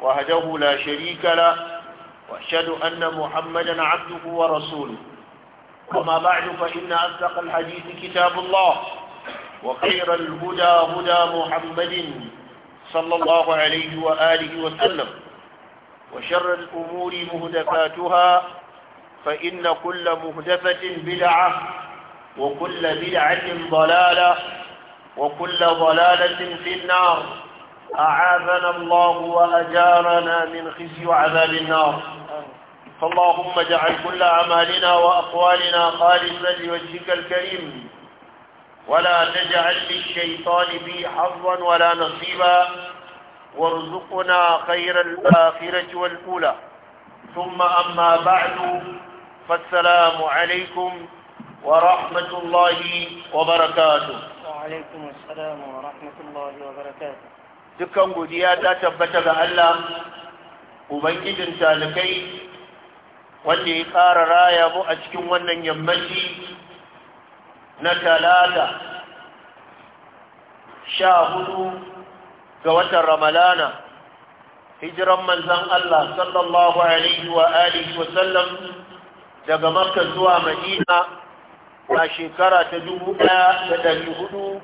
وهده لا شريك له وأشهد أن محمدا عبده ورسوله وما بعد فإن أصدق الحديث كتاب الله وخير الهدى هدى محمد صلى الله عليه وآله وسلم وشر الأمور مهدفاتها فإن كل مهدفة بدعة وكل بدعة ضلالة وكل ضلالة في النار أعاذنا الله وأجارنا من خزي وعذاب النار فاللهم اجعل كل أعمالنا وأقوالنا خالصا لوجهك الكريم ولا تجعل للشيطان بي حظا ولا نصيبا وارزقنا خير الآخرة والأولى ثم أما بعد فالسلام عليكم ورحمة الله وبركاته وعليكم السلام ورحمة الله وبركاته dukkan godiya ta tabbata ga Allah ubangijin talikai wanda ya ƙara raya mu a cikin wannan yammaci na talata sha hudu ga watan ramalana hijiran manzan Allah sallallahu alaihi wa alihi wa sallam daga makka zuwa madina a shekara ta dubu ɗaya da ɗari hudu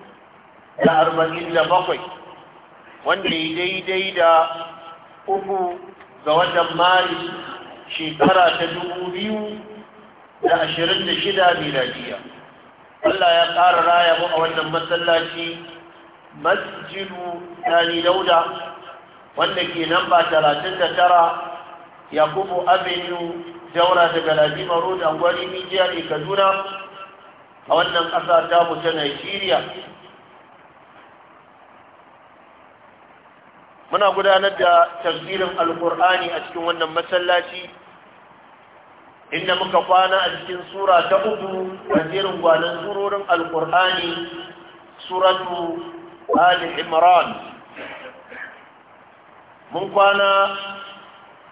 da arba'in da bakwai wanda ya daidai da uku ga watan maris shekara ta dubu biyu da ashirin da shida miladiya Allah ya ƙara raya mu a wannan masallaci masjidu tani dauda wanda ke nan ba talatin da tara yakubu avenue daura daga lazima road angwari mijiya ne kaduna a wannan ƙasa ta mu ta nigeria muna gudanar da tafsirin alkur'ani a cikin wannan masallaci inda muka kwana a cikin sura ta uku a jerin gwanon surorin alkur'ani suratu ali imran mun kwana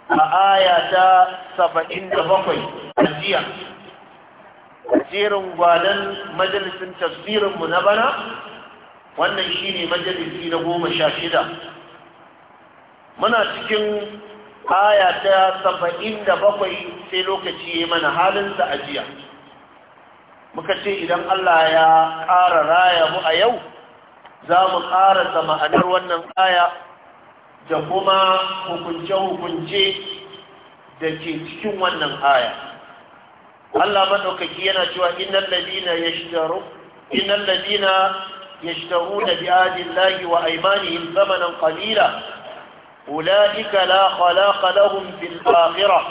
a aya ta saba'in da bakwai a jiya jerin gwanon majalisin tafsirinmu na bana wannan shine majalisi na goma sha shida muna cikin aya ta saba'in da bakwai sai lokaci ya mana halinsa a jiya muka ce idan Allah ya ƙara raya mu a yau za mu ƙarasa ma'anar wannan aya da kuma hukunce-hukunce da ke cikin wannan aya Allah maɗaukaki yana cewa innan ladina ya shitaru innan ladina ya da bi'adin wa aimanihim zamanin qalila أولئك لا خلاق لهم في الآخرة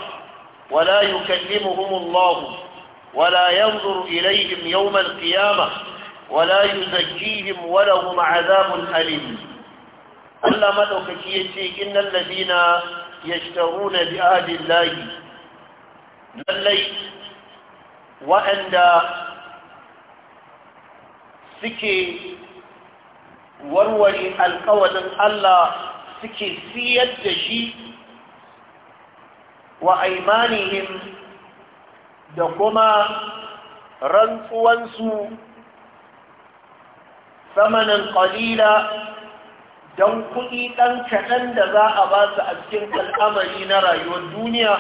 ولا يكلمهم الله ولا ينظر إليهم يوم القيامة ولا يزكيهم ولهم عذاب أليم ألا مدوككية إن الذين يشترون بآل الله للي وأن سكي warware alkawarin Allah suke siyar da shi wa aimanihim da kuma rantsuwansu samanin ƙalila don kuɗi ɗan kaɗan da za a ba su a cikin al'amari na rayuwar duniya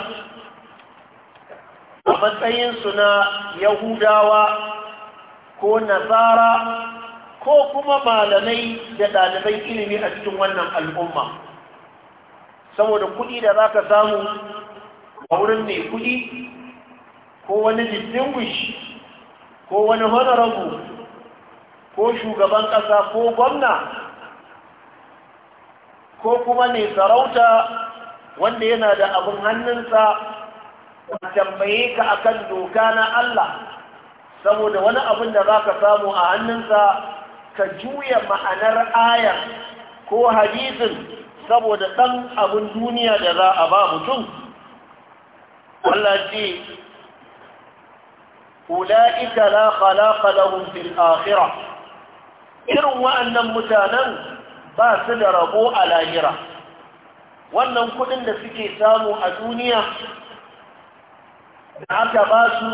a matsayinsu na yahudawa ko nazara ko kuma malamai da ɗalibai ilimi a cikin wannan al'umma saboda kuɗi da za ka samu a wurin mai kuɗi ko wani distinguish ko wani honorable ko shugaban ƙasa ko gwamna ko kuma mai sarauta wanda yana da abin hannunsa a tambaye ka akan doka na Allah saboda wani abin da za ka samu a hannunsa ka juya ma'anar aya ko hadisin saboda ɗan abin duniya da za a ba mutum Allah ce ula'ika la khalaqa lahum fil akhirah irin wa'annan mutanen ba su da rabo a lahira wannan kudin da suke samu a duniya da aka ba su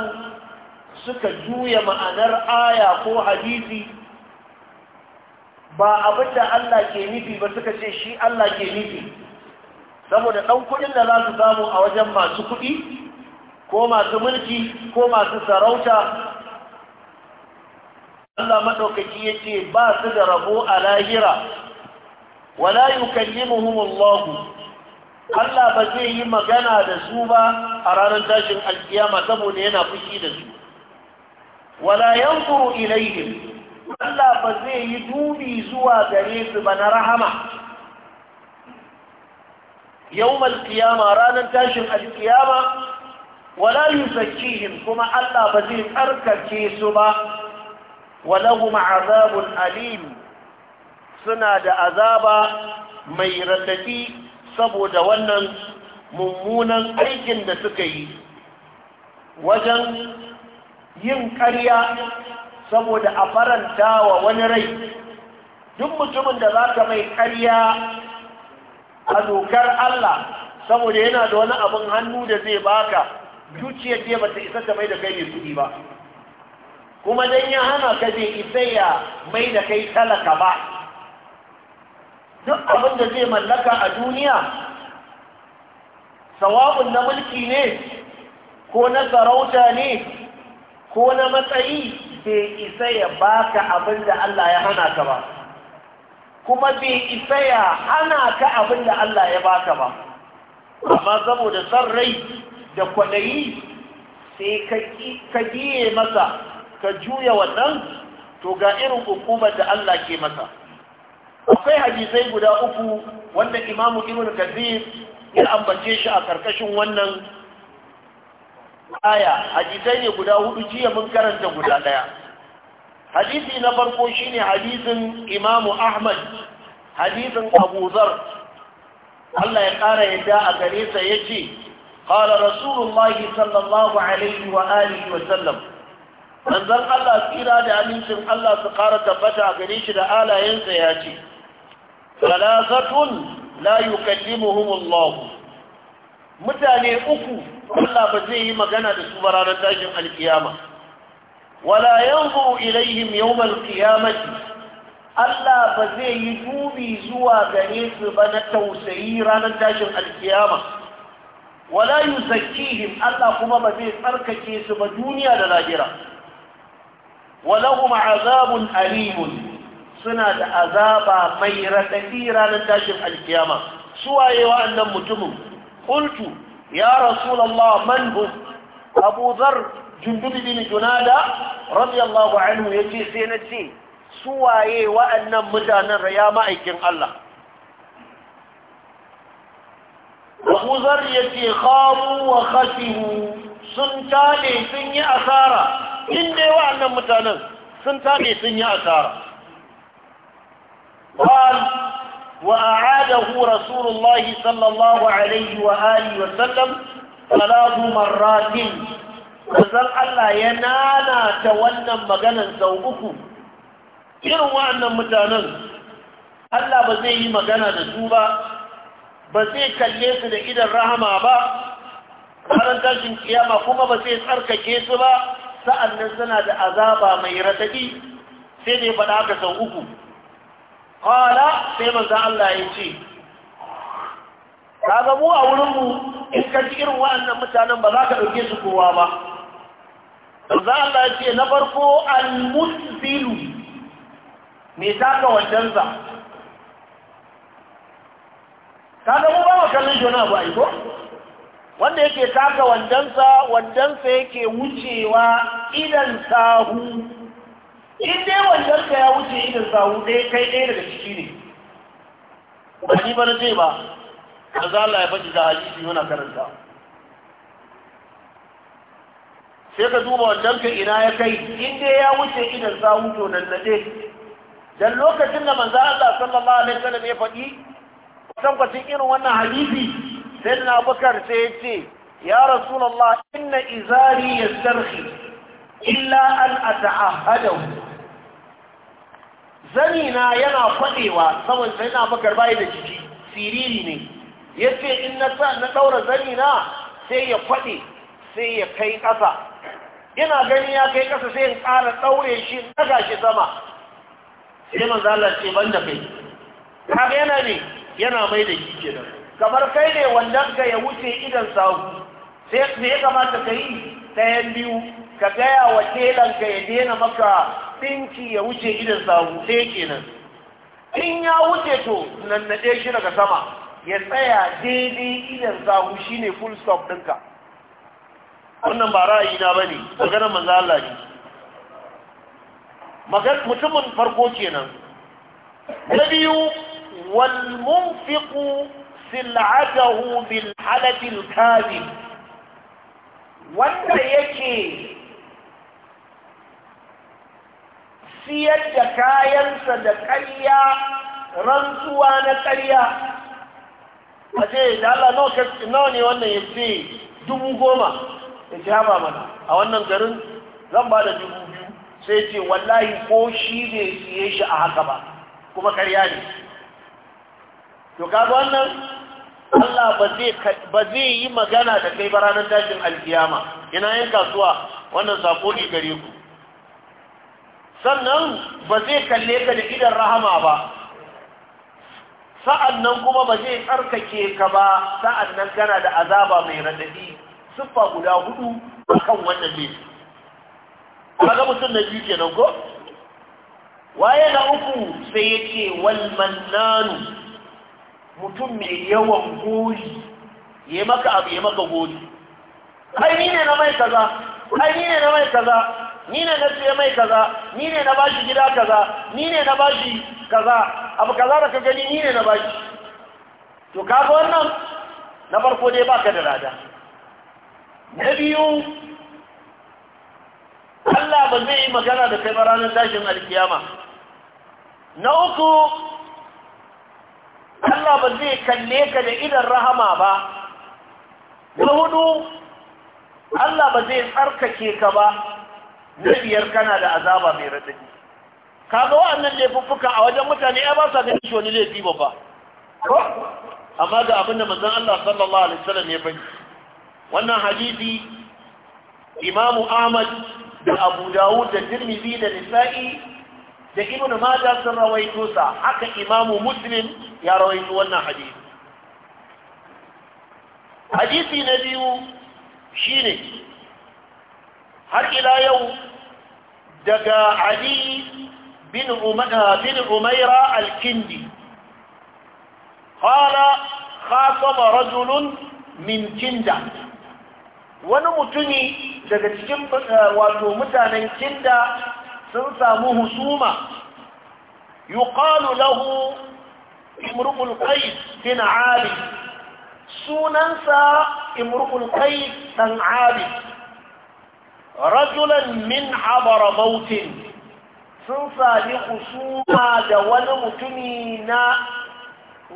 suka juya ma'anar aya ko hadisi ba abin da Allah ke nufi ba suka ce shi Allah ke nufi saboda ɗan kuɗin da za su samu a wajen masu kuɗi ko masu mulki ko masu sarauta Allah maɗaukaki ya ce ba su da rabo a lahira wala yukallimuhumullahu Allah ba zai yi magana da su ba a ranar tashin alkiyama saboda yana fushi da su wala yanzuru ilaihim Allah ba zai yi dubi zuwa gare su ba na rahama yawmal qiyama ranar tashin alkiyama wala yusakkihim kuma Allah ba zai tsarkake su ba walahum azabun alim suna da azaba mai radadi saboda wannan mummunan aikin da suka yi wajen yin ƙarya saboda a faranta wa wani rai duk mutumin da za ka mai karya a dokar Allah saboda yana da wani abin hannu da zai baka zuciyar ce ba ta isa ta mai da kai mai kuɗi ba kuma don ya hana ka zai isa ya mai da kai talaka ba duk abin da zai mallaka a duniya sawabin na mulki ne ko na sarauta ne ko na matsayi bai isa ya baka abin da Allah ya hana ka ba kuma bai isa ya hana ka abin da Allah ya baka ba amma saboda san rai da kwaɗayi sai ka biye masa ka juya wannan to ga irin hukumar da Allah ke masa akwai hadisai guda uku wanda imamu ibn kathir ya ambace shi a ƙarƙashin wannan aya hadisai ne guda hudu jiya mun karanta guda daya hadisi na farko shine hadisin imamu ahmad hadisin abu zar Allah ya kara yadda a gare sa yace qala rasulullahi sallallahu alaihi wa alihi wa sallam manzon Allah tsira da amincin Allah su ƙara tabbata gare shi da alayensa ya ce salasatun la yukallimuhum mutane uku Allah ba zai yi magana da su ba ranar tashin alkiyama wala yanzu ilaihim yawmal qiyamati Allah ba zai yi dubi zuwa gane su ba na tausayi ranar tashin alkiyama wala yuzakkihim Allah kuma ba zai tsarkake su ba duniya da lahira walahum azabun alimun suna da azaba mai raɗaɗi ranar tashin alkiyama suwaye wa'annan mutumin kultu. ya rasulallah man hu abu zar jundubi bin junada radiyallahu anhu yace sai na ce su waye wa'annan mutanen raya ma'aikin Allah abu zar yace khamu wa khasimu sun tale sun yi asara in dai wa'annan mutanen sun tale sun yi asara وأعاده رسول الله صلى الله عليه وآله وسلم ثلاث مرات وزل الله ينانا تولنا مغانا زوبكم irin wa'annan mutanen Allah ba zai yi magana da su ba ba zai kalle su da idan rahama ba ranar tashin kiyama kuma ba zai tsarkake su ba sa'annan suna da azaba mai raɗaɗi sai dai faɗa haka sau uku Kala sai manzan Allah ya ce, Ka mu a wurinmu in ka irin wa'annan mutanen ba za ka ɗauke su kowa ba. Manzan Allah ya ce, Na farko al-musbilu mai taka wancansa. Ka mu ba wa kallon jona ba iko. Wanda yake taka wandansa, wandansa yake wucewa idan sahu in dai wannan ya wuce idan sahu ɗaya kai ɗaya daga ciki ne ba ni ba na ce ba da za Allah ya faɗi da hadisi yana karanta sai ka duba wannan ina ya kai in dai ya wuce idan sahu to nan na ɗaya dan lokacin da manzo Allah sallallahu alaihi wasallam ya faɗi tabbacin irin wannan hadisi sai da na bukar sai ya ce ya rasu Allah inna izari ya sarki. illa an a zani na yana kwadewa saboda sai na bakar bayi da jiki siriri ne yace in na sa na daura zani na sai ya kwade sai ya kai ƙasa ina gani ya kai ƙasa sai in ƙara daure shi daga shi sama sai manzo Allah ce banda kai kaga yana ne yana mai da jiki kenan kamar kai ne wannan ga ya wuce idan sau sai ya kamata kai ta yan biyu ka gaya wa telanka ya daina maka ɗinki ya wuce idan sahu ɗaya kenan in ya wuce to nannaɗe shi daga sama ya tsaya daidai idan sahu ne full stop ɗinka wannan ba ra'ayi na bane maganar manzo Allah ne mutumin farko kenan na biyu wal munfiqu sil'atahu bil halati al wanda yake siyar da kayansa da karya rantsuwa na karya. a ce da Allah nawa ne wannan ya ce dubu goma ya ce haba mana a wannan garin zan ba da dubu biyu sai ce wallahi ko shi bai siye shi a haka ba kuma karya ne to kaga wannan Allah ba zai yi magana da kai ba ranar dajin alkiyama ina yin kasuwa wannan sako ne gare ku sannan ba zai kalle ka da idan rahama ba sa'annan kuma ba zai tsarkake ka ba sa'annan gana da azaba mai radadi siffa guda hudu kan wannan ne kaga mutum na biyu kenan ko waye na uku sai yake wal mannanu mutum mai yawan goji ya maka abu ya maka goji ai ne na mai kaza ai ni ne na mai kaza ni ne na siya mai kaza ni ne na bashi gida kaza ni ne na bashi kaza abu kaza da ka gani ni ne na bashi to kaga wannan na farko dai baka da rada. na biyu Allah ba zai yi magana da kai ba ranar tashin alkiyama na uku Allah ba zai kalle ka da idan rahama ba na hudu Allah ba zai tsarkake ka ba na biyar kana da azaba mai radadi ga wa'annan laifuffuka a wajen mutane ya ba sa ga shi wani laifi babba ko amma ga abin da manzon Allah sallallahu alaihi wasallam ya bani wannan hadisi Imam Ahmad da Abu Dawud da Tirmidhi da Nisa'i da Ibn Majah sun rawaito sa haka Imam Muslim ya rawaito wannan hadisi hadisi na biyu shine har ila yau daga ali bin umaira al-kindi kala khasama rajulun min kinda wani mutumi daga cikin eh, wato mutanen kinda sun samu husuma yuqalu lahu imrul qais bin ali sunansa imrul qais dan ali rajulan min habara mautin sun sami husuma da wani mutumi na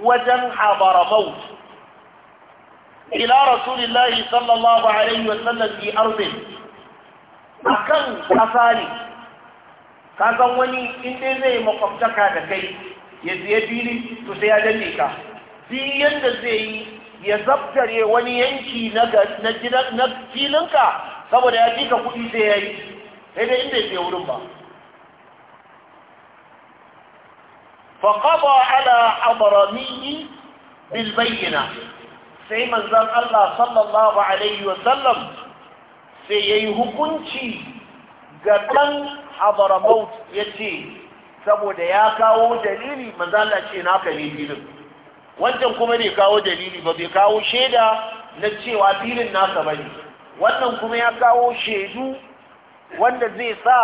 wajen habara maut ila rasulillahi sallallahu alaihi wasallam bi arzin akan kasa ne kasan wani inda zai makwabtaka da kai ya ziye fili to sai ya danne ka fi yadda zai yi ya zabtare wani yanki na filinka saboda ya jika kuɗi sai ya yi sai inda ya wurin ba faƙaba ala bil bilbayyana sai manzon Allah sallallahu alaihi Sallam sai ya yi hukunci ga dan abaramaut ya ce saboda ya kawo dalili manzan Allah ce na kare filin wancan kuma ne kawo dalili ba bai kawo shaida na cewa filin nasa ba ne wannan kuma ya kawo shaidu wanda zai sa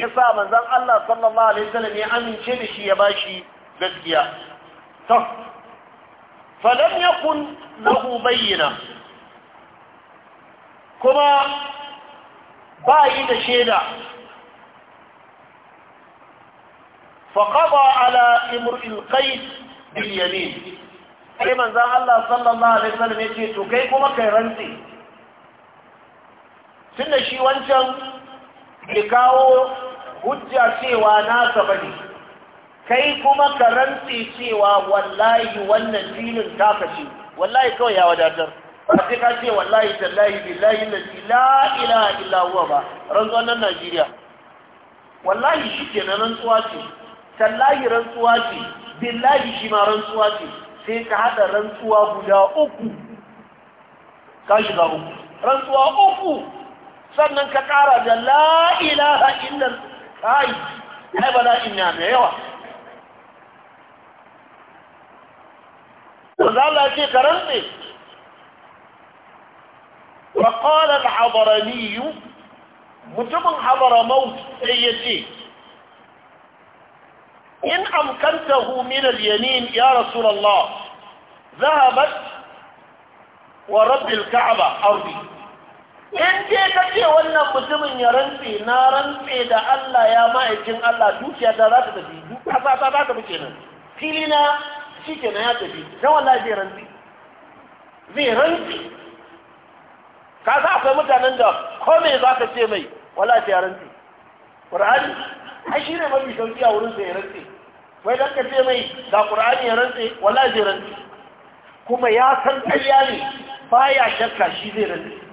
ya manzan Allah sallallahu alaihi wasallam ya amince da shi ya ba shi gaskiya to ya yakun lahu bayyana kuma ba yi da shaida فقضى على امرئ kai باليمين sai manzan Allah sallallahu Alaihi wasallam ya ce to kai kuma kai rantsi tunda shi wancan ke kawo hujja cewa nasa bane kai kuma ka rantse cewa wallahi wannan dinin taka ce wallahi kawai ya wadatar ba sai ka ce wallahi tallahi billahi la ilaha illa huwa ba ranzo nan Najeriya wallahi shi ke na rantsuwa ce tallahi rantsuwa ce billahi shi ma rantsuwa ce sai ka hada rantsuwa guda uku ka shiga uku rantsuwa uku sannan ka kara da la ilaha illan ai ai ba la na mai yawa wanda Allah ce ka rantse wa qala al-hadarani mutumin maut sai ya ce in amkantahu min al-yamin ya rasulullah ذهبت ورب الكعبة أرضي in ce ka ce wannan mutumin ya rantse na rantse da Allah ya ma'aikin Allah dukiya ta za ta tafi dukiya ta za ta tafi kenan fili na shi kenan ya tafi don wallahi zai rantse zai rantse ka za akwai mutanen da kome za ka ce mai wala ta ya rantse qur'ani ai shi ne mafi sauki a wurin sa ya rantse wai dan ka ce mai ga qur'ani ya rantse wala zai rantse kuma ya san ƙarya ne baya shakka shi zai rantse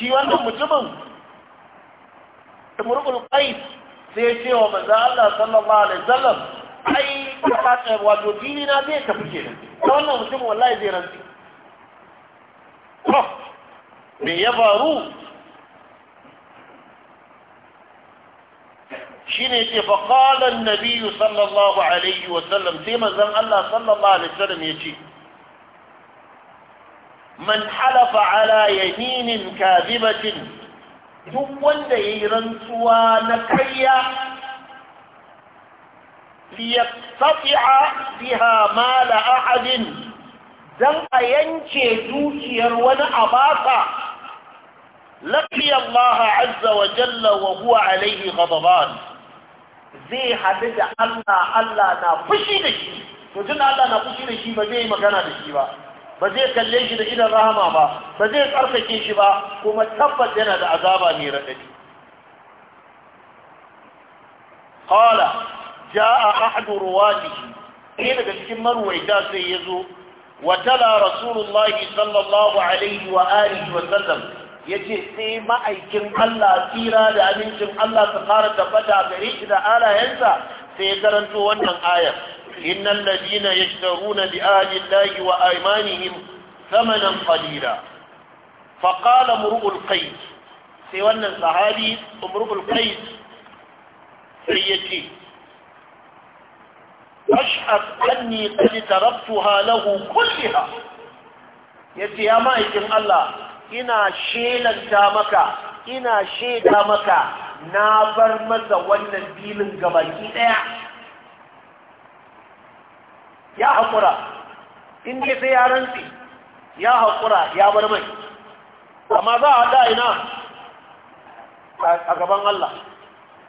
shi wannan mutumin imrul qais sai ya ce wa manzo Allah sallallahu alaihi wasallam ai ka wato dini na zai tafi kenan ta wannan mutumin wallahi zai rantsi to me ya faru shine yace fa qala an-nabi sallallahu alaihi wasallam sai manzon Allah sallallahu alaihi wasallam yace man halafa ala yaminin kadibatin duk wanda ya yi rantsuwa na karya liyattafi'a biha mala ahadin dan a yanke dukiyar wani abasa lafiya Allah azza wa jalla wa huwa alaihi ghadaban zai haɗu da Allah Allah na fushi da shi to tun Allah na fushi da shi ba zai magana da shi ba ba zai kalle shi da idan rahama ba ba zai tsarkake shi ba kuma tabbas yana da azaba mai raɗaɗi ja a ahadu ruwatihi ɗaya daga cikin marwaita sai ya zo wa tala rasulullahi sallallahu alaihi wa alihi wa sallam ce sai ma'aikin Allah tsira da amincin Allah ta fara tabbata gare shi da alayensa sai ya karanto wannan ayar Inna إن الذين يشترون بآل الله وأيمانهم ثمنا قليلا فقال امرؤ القيس sai wannan sahabi umrul qais sai yace ashhad anni qad taraktuha lahu kullaha yace ya ma'aikin Allah ina shelanta maka ina sheda maka na bar masa wannan dilin gabaki daya ya haƙura in ke sai ya rantsi ya haƙura ya bar mai amma za a da ina a gaban Allah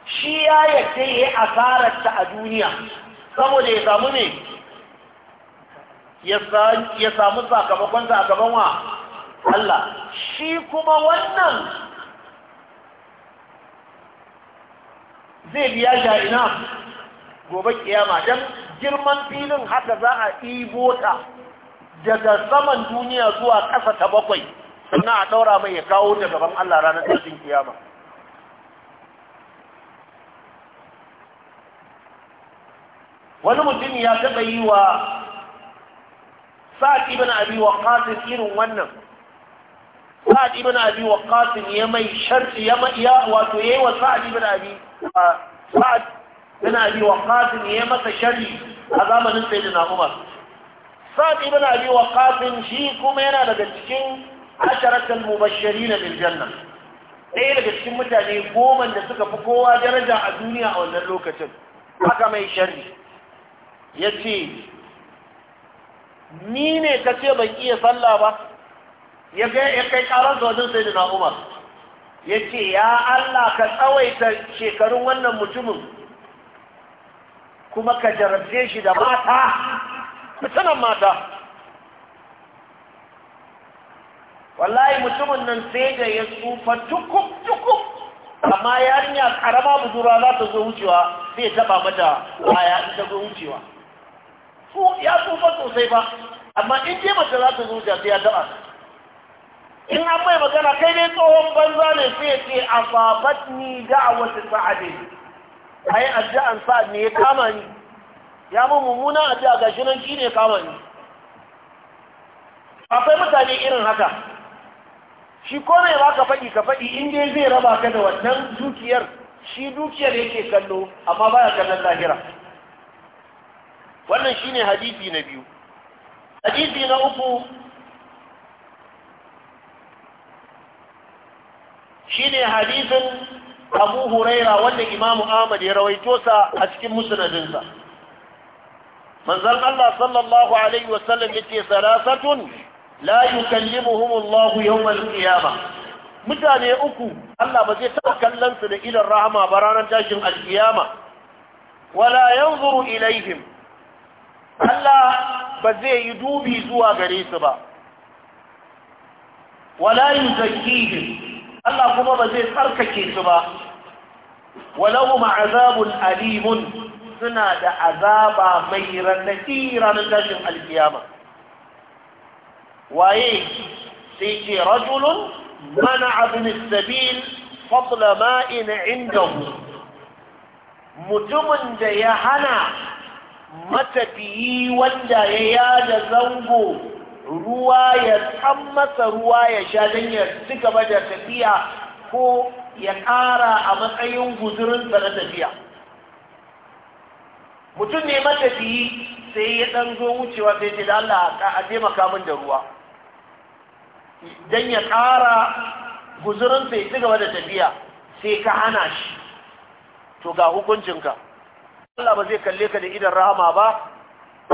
shi ya yadda ya yi asararta a duniya saboda ya samu ne ya samu sakamakonsa a gaban wa Allah shi kuma wannan zai biya ina gobe kiyama don girman filin haka za a ibo ta daga saman duniya zuwa ƙasa ta bakwai sannan a ɗaura mai ya kawo da gaban Allah ranar tashin kiyama wani mutum ya taɓa yi wa sa'ad ibn abi ƙasir irin wannan sa'ad ibn abi ƙasir ya mai sharti ya ya wato yi wa sa'ad ibn abi sa'ad ƙasir abi waqqas ya masa sharci a zamanin na Umar Sa'ad ibn Abi kafin shi kuma yana daga cikin asharatul mubashirin bil janna ɗaya daga cikin mutane goma da suka fi kowa daraja a duniya a wannan lokacin haka mai sharri yace ni ne kace ban iya sallah ba ya kai karar da wajen na Umar yace ya Allah ka tsawaita shekarun wannan mutumin kuma ka jarabce shi da mata mutanen mata wallahi mutumin nan sai da ya tsufa tukuk-tukuk amma yarinya karama budura za ta zo wucewa sai taba mata baya in ta zo wucewa ya tsufa sosai ba amma in je mace za ta zo wucewa sai ya taba in an mai magana kai dai tsohon banza ne sai ya ce a babat ni wasu sa'adai ai addu'an sa ne ya kama ni ya mu mummunan addu'a shi nan shi ne kama ni akwai mutane irin haka shi ko ne ba ka faɗi ka faɗi in dai zai raba ka da wannan dukiyar shi dukiyar yake kallo amma baya kallon lahira wannan shi ne hadisi na biyu hadisi na uku shi ne hadisin abu huraira wanda imamu ahmad ya rawaito sa a cikin musnadinsa manzon Allah sallallahu alaihi wasallam yace salasatun la yukallimuhum Allah yawm al-qiyama mutane uku Allah ba zai taɓa kallon su da idan rahama ba ranar tashin alkiyama wala yanzuru ilaihim Allah ba zai yi dubi zuwa gare su ba wala yuzakkihim Allah kuma ba zai tsarkake su ba walau ma'azabun alimun suna da azaba mai raɗaɗi ranar gashin alkiyama waye sai ce rajulun mana abin sabil fadla ma'in indahu mutumin da ya hana matafiyi wanda ya yada zango ruwa ya san masa ruwa ya sha don ya ci gaba da tafiya ko ya ƙara a matsayin guzurinsa na tafiya mutum ne matafiyi sai ya ɗan zo wucewa sai ce da Allah a taimaka min da ruwa don ya ƙara guzurinsa ya ci gaba da tafiya sai ka hana shi to ga hukuncinka Allah ba zai kalle ka da idan rahama ba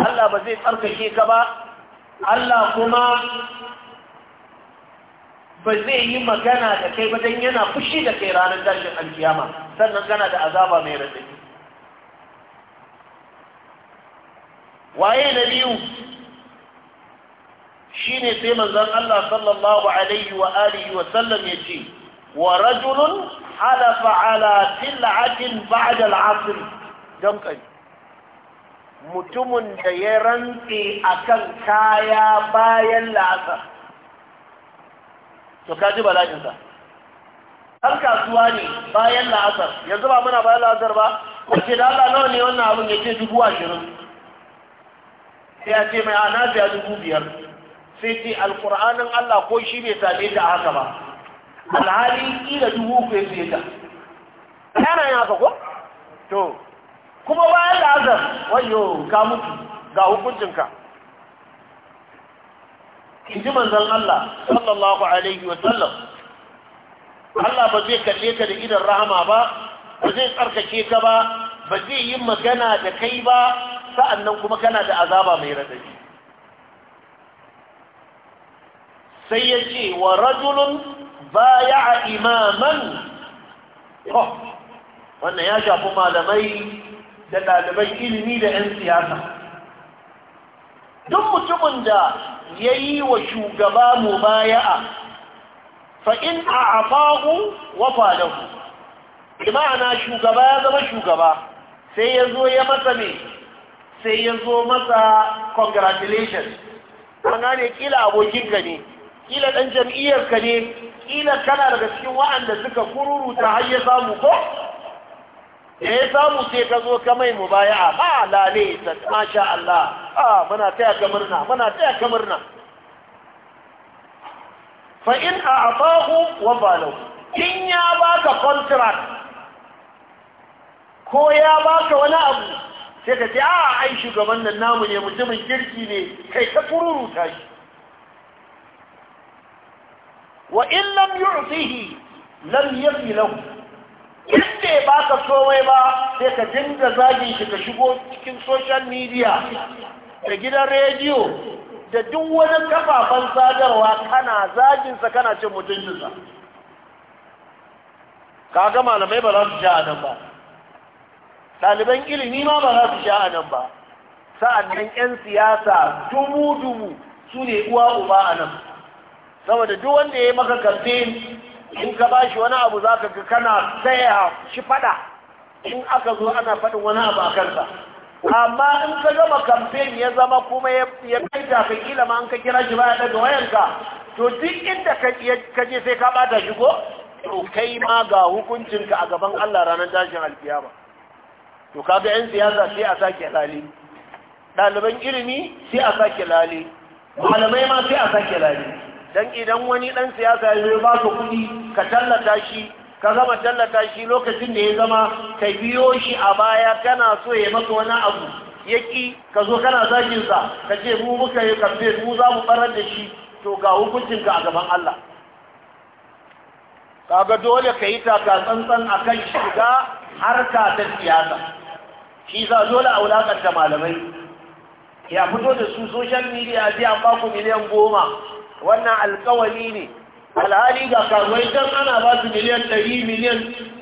Allah ba zai tsarkake ka ba Allah kuma ba zai yi magana da kai ba dan yana fushi da kai ranar tashin alkiyama sannan kana da azaba mai radadi waye na biyu shi ne sai manzan Allah sallallahu alaihi wa alihi wa sallam ya ce wa rajulun halafa ala til'atin ba'da al'asr dan kai mutumin da ya rantse a kan kaya bayan la'asar to kaji bala'insa har kasuwa ne bayan la'asar yanzu ba muna bayan la'asar ba ce da Allah nawa ne wannan abin ya ce dubu ashirin sai ya ce mai ana biya dubu biyar sai ce alƙur'anin Allah ko shi bai same ta haka ba alhali ƙila dubu uku ya ta yana yin haka ko to kuma bayan la'azar wayo ka mutu ga hukuncinka in ji Allah sallallahu alaihi wasallam Allah ba zai kalle ka da idan rahama ba ba zai tsarkake ka ba ba zai yi magana da kai ba sa'annan kuma kana da azaba mai radadi sai ya ce wa rajulun baya a imaman oh, wannan ya shafi malamai da ɗaliban ilimi da 'yan siyasa duk mutumin da ya yi wa shugaba mu baya'a fa'in a afahu wafa lahu imana shugaba ya zama shugaba sai ya zo ya masa ne sai ya zo masa congratulations an ne kila abokinka ne kila ɗan jam'iyyarka ne kila kana daga cikin wa'anda suka kururuta har ya samu ko da ya samu sai ka zo ka mai mubaya'a ba lale masha Allah a muna taya ka murna muna taya ka murna fa in a afahu wa balau in ya baka contract ko ya baka wani abu sai ka ce a ai shugaban nan namu ne mutumin kirki ne kai ta kururuta shi wa in lam yu'tihi lam yafi lahu inda ba ka komai ba sai ka dinga zagin shi ka shigo cikin social media da gidan rediyo da duk wani kafafen sadarwa kana zaginsa kana cin mutuncinsa ka ga malamai ba za su sha nan ba ɗaliban ilimi ma ba za su sha nan ba sa'annan 'yan siyasa dumu-dumu su ne uwa uba a nan saboda duk wanda ya yi maka kamfen in ka ba shi wani abu za ka ga kana saya shi fada in aka zo ana faɗin wani abu a kansa amma in ka gama kamfen ya zama kuma ya kai ka kila ma an ka kira shi baya daga wayanka to duk inda ka je sai ka bata shigo. Ka to kai ma ga hukuncinka a gaban Allah ranar tashin alkiyama to ka ga yan siyasa sai a sake lali ɗaliban ilimi sai a sake lali malamai ma sai a sake lali dan idan wani dan siyasa ya ba ka kuɗi ka tallata shi ka gama tallata shi lokacin da ya zama ka biyo shi a baya kana so ya maka wani abu yaki ka zo kana zakin sa ka ce mu muka yi kamfe mu za mu barar da shi to ga hukuncin ka a gaban Allah kaga dole ka yi taka tsantsan akan shiga harka ta siyasa shi za dole a wulakanta malamai ya fito da su social media sai an ba ku miliyan goma wannan alkawali ne alhali ga karuwai don ana ba su miliyan 100 miliyan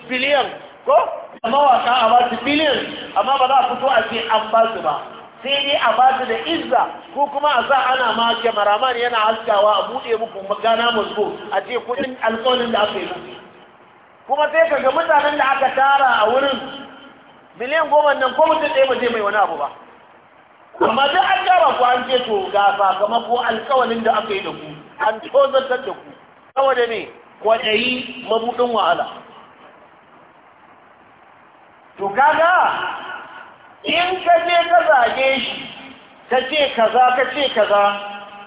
biliyan ko amma waka a ba su biliyan amma ba za a fito a ce an ba su ba sai dai a ba su da izza ko kuma a sa ana ma maraman yana haskawa a buɗe muku magana musgo a ce kudin alkawalin da aka yi kuma sai ka ga mutanen da aka tara a wurin miliyan goma nan ko mutum ɗaya ba zai mai wani abu ba amma da an gyara ku an ce to ga sakamako alkawalin da aka yi da ku an tozartar da ku saboda ne kwaɗayi mabuɗin wahala to kaga in ka je ka zage shi ka ce kaza ka ce kaza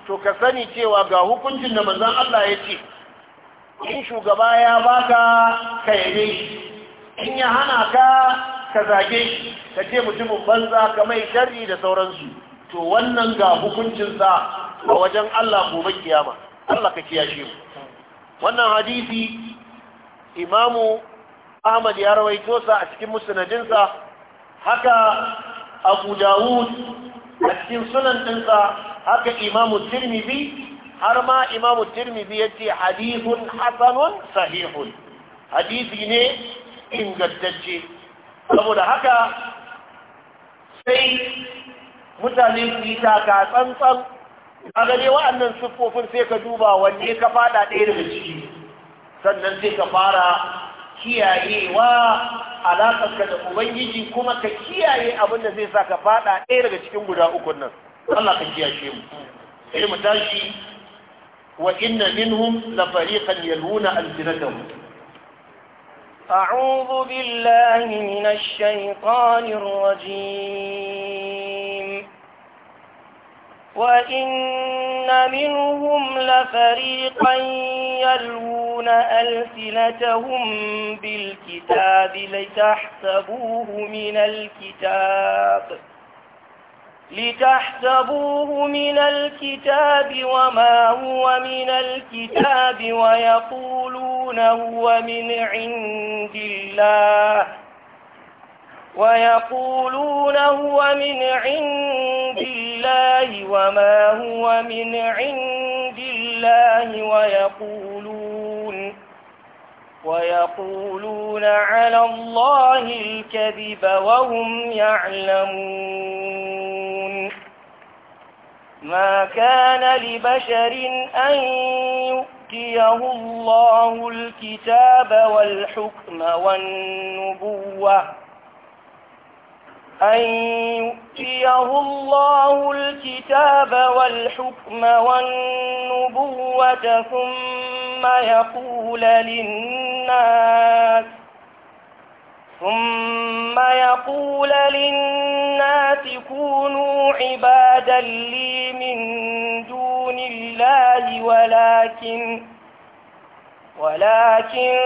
to ka sani cewa ga hukuncin da manzon Allah ya ce in shugaba ya baka ka yabe shi in ya hana ka ka zage shi ka ce mutumin banza ka mai shari da sauransu to wannan ga hukuncinsa a wajen Allah gobe kiyama Allah ka kiyashe mu wannan hadisi imamu Ahmad ya rawaito sa a cikin musnadinsa haka Abu Dawud a cikin sunan ɗinsa haka imamu Tirmidhi har ma imamu Tirmidhi ya ce hadithun hasanun sahihun hadisi ne ingantacce saboda haka sai mutane su yi taka tsantsan a gane wa'annan siffofin sai ka duba wanne ka fada ɗaya daga ciki sannan sai ka fara kiyayewa alaƙarka da ubangiji kuma ka kiyaye abin da zai sa ka fada ɗaya daga cikin guda ukun nan Allah ka kiyashe mu sai mu tashi wa inna minhum la fariqan al alsinatahum أعوذ بالله من الشيطان الرجيم وإن منهم لفريقا يلوون ألسنتهم بالكتاب لتحسبوه من الكتاب لتحسبوه من الكتاب وما هو من الكتاب ويقولون هو من عند الله ويقولون هو من عند الله وما هو من عند الله ويقولون ويقولون على الله الكذب وهم يعلمون ما كان لبشر أن يؤتيه الله الكتاب والحكم والنبوة أن يؤتيه الله الكتاب والحكم والنبوة ثم يقول للناس ثم يقول للناس كونوا عبادا لي من دون الله ولكن ولكن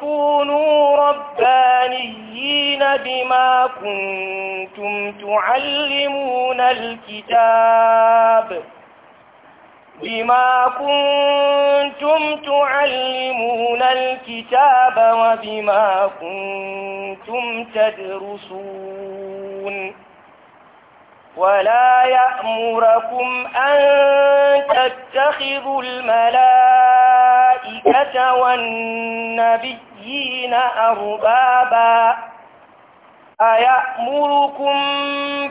كونوا ربانيين بما كنتم تعلمون الكتاب بما كنتم تعلمون الكتاب وبما كنتم تدرسون ولا يأمركم أن تتخذوا الملائكة والنبيين أربابا أيأمركم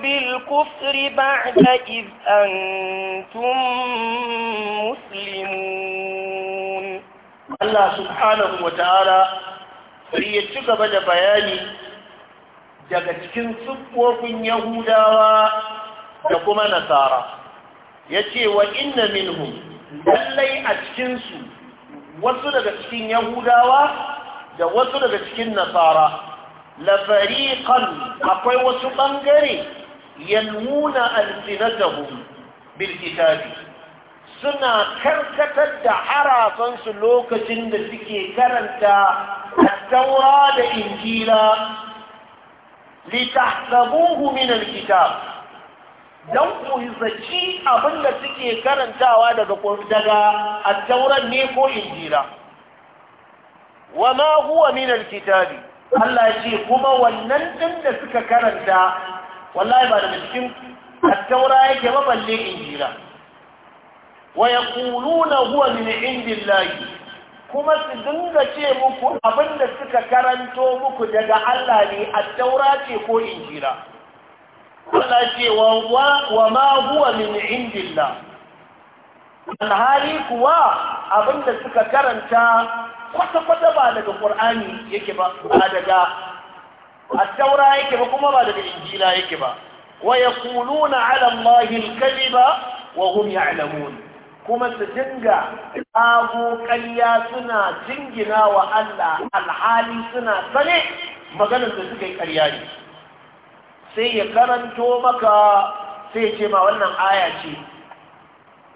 بالكفر بعد إذ أنتم مسلمون الله سبحانه وتعالى ya ci gaba da bayani daga cikin siffofin yahudawa da kuma nasara ya ce wa inna minhum lallai a cikinsu wasu daga cikin yahudawa da wasu daga cikin nasara lafariƙan akwai wasu ɓangare yalmuna alfinatahum bil kitabi suna karkatar da harafansu lokacin da suke karanta taura da injila litahsabuhu min alkitab don ku zaci abin da suke karantawa daga daga attauran ne ko injira. wa ma huwa min alkitabi Allah ya ce kuma wannan ɗin da suka karanta wallahi ba da cikin attaura yake ba balle injira wa yaquluna huwa min indillahi kuma su dinga ce muku abin da suka karanto muku daga Allah ne attaura ce ko injira Allah ce wa ma huwa min indillahi alhali kuwa abinda suka karanta kwata-kwata ba daga ƙur'ani yake ba ba daga attaura yake ba kuma ba daga injila yake ba wa ya kulu na allahi ba wa hum alamun kuma su dinga abu suna jingina wa Allah alhali suna sane maganin da suka yi karya ne sai ya karanto maka sai ce ma wannan aya ce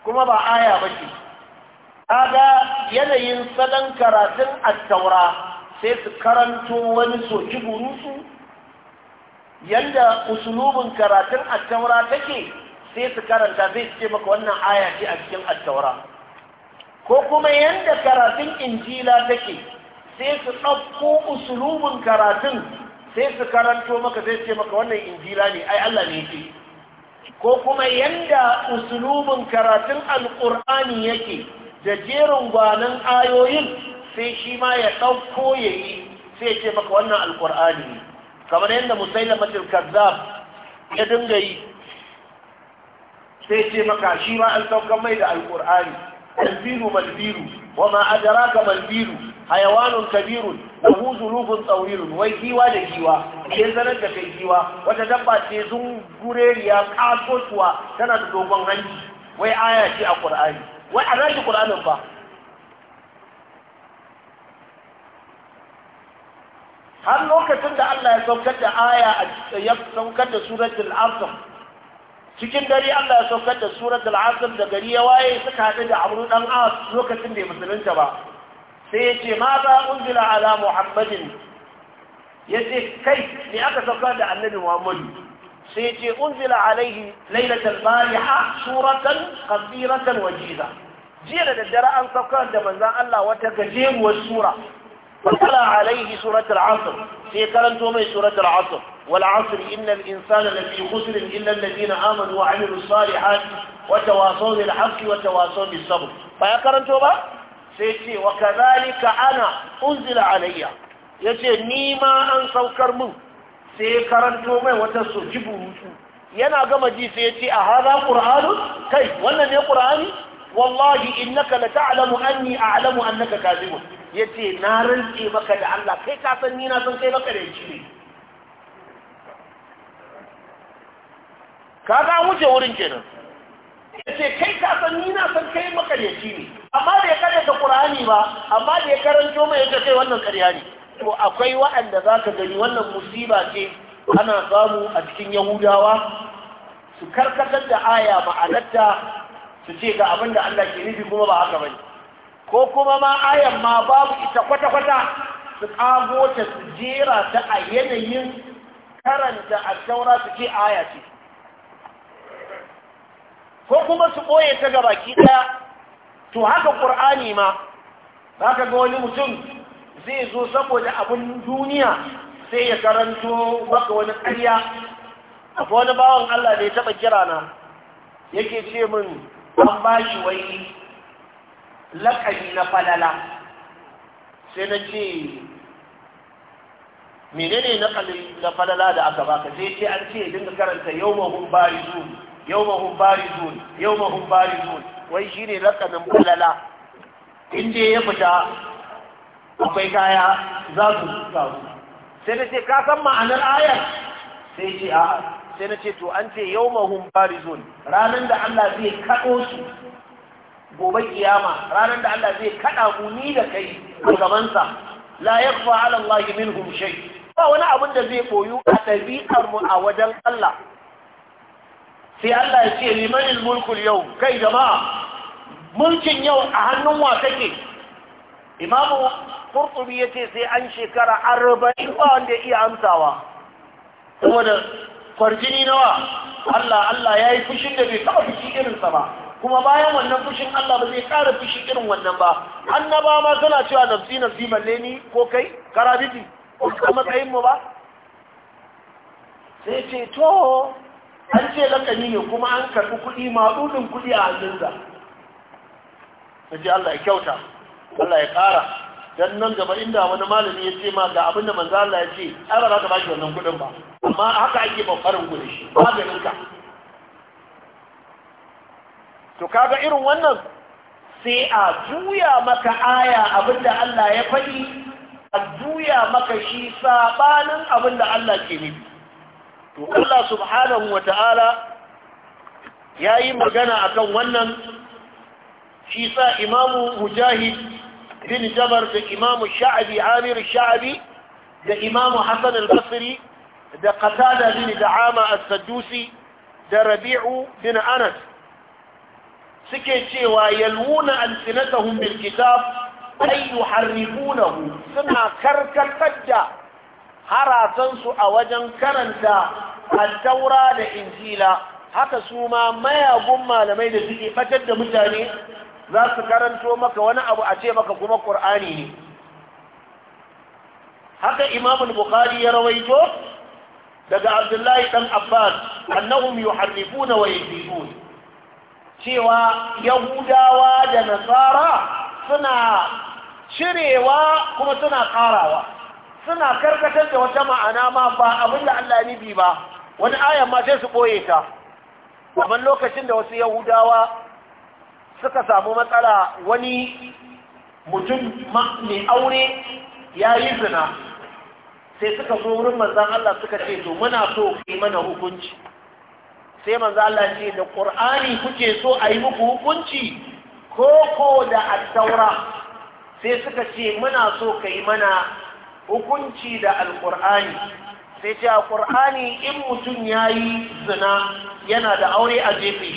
kuma ba aya ba ce kaga yanayin salon karatun attaura sai su karanto wani soki burusu Yadda usulubin karatun attaura take sai su karanta zai ce maka wannan aya ce a cikin attaura ko kuma yadda karatun injila take sai su ɗauko usulubin karatun sai su karanto maka zai ce maka wannan injila ne ai Allah ne ce ko kuma yanda usulubin karatun alƙur'ani yake da jerin gwanan ayoyin sai shi ma ya ɗauko ya yi sai ce maka wannan alƙur'ani kamar yadda musailamatul kazzab ya dinga yi sai ce maka shi ma an saukan mai da alƙur'ani albiru malbiru wa ma adraka malbiru hayawanun kabirun lahu zulufun tsaurin wai giwa da giwa ke zarar da kai giwa wata dabba ce zungureriya kasotuwa tana da dogon hanci wai aya ce a qur'ani wai a rashi qur'anin fa har lokacin da Allah ya saukar da aya ya saukar da suratul asr cikin dare Allah ya saukar da suratul asr da gari ya waye suka haɗu da amru dan as lokacin da musulunta ba sai ya maza ma za a ƙunzila ala muhammadin ya kai ne aka saukar da annabi muhammadu sai ya ce ƙunzila alaihi lailatar bariha suratan kafiratan wajiza jiya da daddare an saukar da manzan Allah wata gajeruwar sura fasala alaihi suratar asir sai karanto mai suratar asir wal asir innal insana da fi husrin illal ladina amanu wa amilu salihati wa tawasaw bil haqqi wa tawasaw bis sabr fa ya karanto ba sai ce wa kazalika ana unzila alayya yace ni ma an saukar mun sai karanto mai wata soji burutu yana gama ji sai yace a hada qur'anu kai wannan ne ƙur'ani wallahi innaka la ta'lamu anni a'lamu annaka kadhibun yace na rantse maka da Allah kai ka san ni na san kai maka da shi kaga wuce wurin kenan ya kai ka san ni na san kai makaryaci ne amma bai ya karanta qur'ani ba amma da ya karanto mai yadda kai wannan karya ne to akwai waɗanda za ka gani wannan musiba ce ana samu a cikin yahudawa su karkatar da aya ma'anarta su ce ga abinda da Allah ke nufi kuma ba haka bane ko kuma ma ayan ma babu ita kwata-kwata su kago ta su jera ta a yanayin karanta a taura su ce aya ce ko kuma su ɓoye ta ga baki ɗaya to haka ƙur'ani ma za ka ga wani mutum zai zo saboda abin duniya sai ya karanto maka wani ƙarya akwai wani bawan Allah da ya taɓa kira na yake ce min an ba shi wai lakari na falala sai na ce menene na falala da aka baka sai ce an ce dinga karanta yau mahun bari zuwa Yau yawma hum yau yawma hum barizun wai shi ne lakanin bulala in dai ya fita akwai kaya za su ga sai na ce ka san ma'anar ayar sai ce a sai na ce to an ce yau yawma hum barizun ranar da Allah zai kado su gobe kiyama ranar da Allah zai kaɗa mu ni da kai a gabansa la yakfa ala Allah minhum shay ba wani abin da zai koyu a ɗabi'ar mu a wajen Allah sai Allah ya ce limanin mulkul yau kai jama'a mulkin yau a hannun wa kake imamu kurtubi ya ce sai an shekara arba'in ba wanda ya iya amsawa saboda kwarjini nawa Allah Allah ya yi fushin da bai taɓa fushi irinsa ba kuma bayan wannan fushin Allah ba zai ƙara fushi irin wannan ba annaba ma suna cewa nafsi nafsi balle ni ko kai karabiti ko matsayin mu ba sai ce to an ce lakani ne kuma an karɓi kuɗi maɗuɗin kuɗi a hannunsa na ji Allah ya kyauta Allah ya ƙara don nan gaba inda wani malami ya ce ma ga abin da manzan Allah ya ce an ba za ka shi wannan kuɗin ba amma haka ake babbarin gudun shi maganin ka to kaga irin wannan sai a juya maka aya abin da Allah ya faɗi a juya maka shi sabanin abin da Allah ke nufi to Allah subhanahu wa ta'ala ya yi magana akan wannan shi sa imam mujahid bin jabar da imam sha'abi amir sha'abi da imam hassan al-basri da qatada bin da'ama as da rabi'u bin anas suke cewa yalwuna alsinatahum bil kitab ay yuharrifunahu suna karkatar da harasansu a wajen karanta al da injila haka su ma mayagun malamai da suke fatar da mutane za su karanto maka wani abu a ce maka kuma ƙur'ani ne haka imamun bukhari ya rawaito daga abdullahi dan abbas annahum yuharrifuna wa yazidun cewa yahudawa da nasara suna cirewa kuma suna ƙarawa. suna karkatar da wata ma'ana ma ba abin da Allah nibi ba wani ayan ma sai su boye ta kamar lokacin da wasu yahudawa suka samu matsala wani mutum mai aure ya yi zina sai suka zo wurin manzan Allah suka ce to muna so ku yi mana hukunci sai manzan Allah ce da ƙur'ani kuke so a yi muku hukunci koko ko da attaura sai suka ce muna so ka yi mana hukunci da alkur'ani sai ce a ƙur'ani in mutum ya yi zina yana da aure a jefe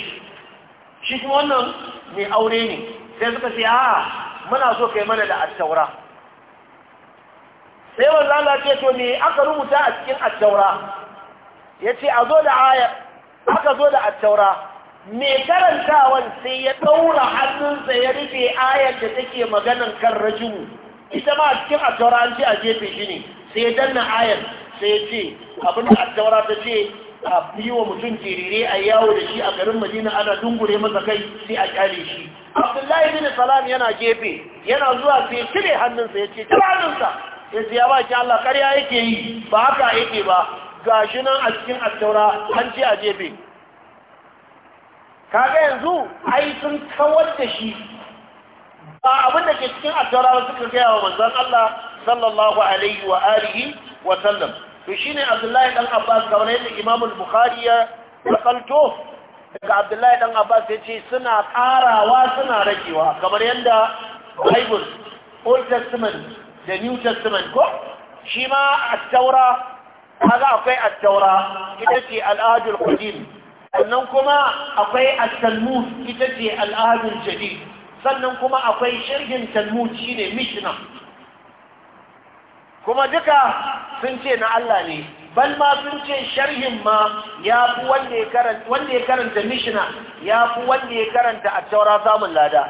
shi kuma wannan mai aure ne sai suka ce a muna so kai mana da attaura sai wanzala ce to me aka rubuta a cikin attaura ya ce a zo da aya aka zo da attaura mai karantawan sai ya ɗaura hannunsa ya rufe ayar da take maganan kan rajimu ita ma a cikin attaura an ce a jefe shi ne sai ya danna ayar sai ya ce abinda attaura ta ce a yi wa mutum jirire a yawo da shi a garin madina ana dungure masa kai sai a kyale shi abdullahi bin salam yana gefe yana zuwa sai cire hannunsa ya ce cire hannunsa ya ce ya ba ki allah karya yake yi ba haka yake ba gashi nan a cikin attaura an ce a jefe kaga yanzu ai sun kawar da shi ba abin da ke cikin attaura ba suka gaya wa manzon Allah sallallahu alaihi wa alihi wa sallam to shine Abdullahi dan Abbas kamar yadda Imam al-Bukhari ya daga Abdullahi dan Abbas ya ce suna karawa suna rakewa kamar yadda Bible Old Testament da New Testament ko shi ma attaura kaga akwai attaura ita ce al'adul qadim sannan kuma akwai at-Talmud ita ce al'adul jadid sannan kuma akwai shirgin talmud ne mishina. kuma duka sun ce na Allah ne bal ma sun ce sharhin ma ya fi wanda ya karanta mishina? ya fi wanda ya karanta a taura samun lada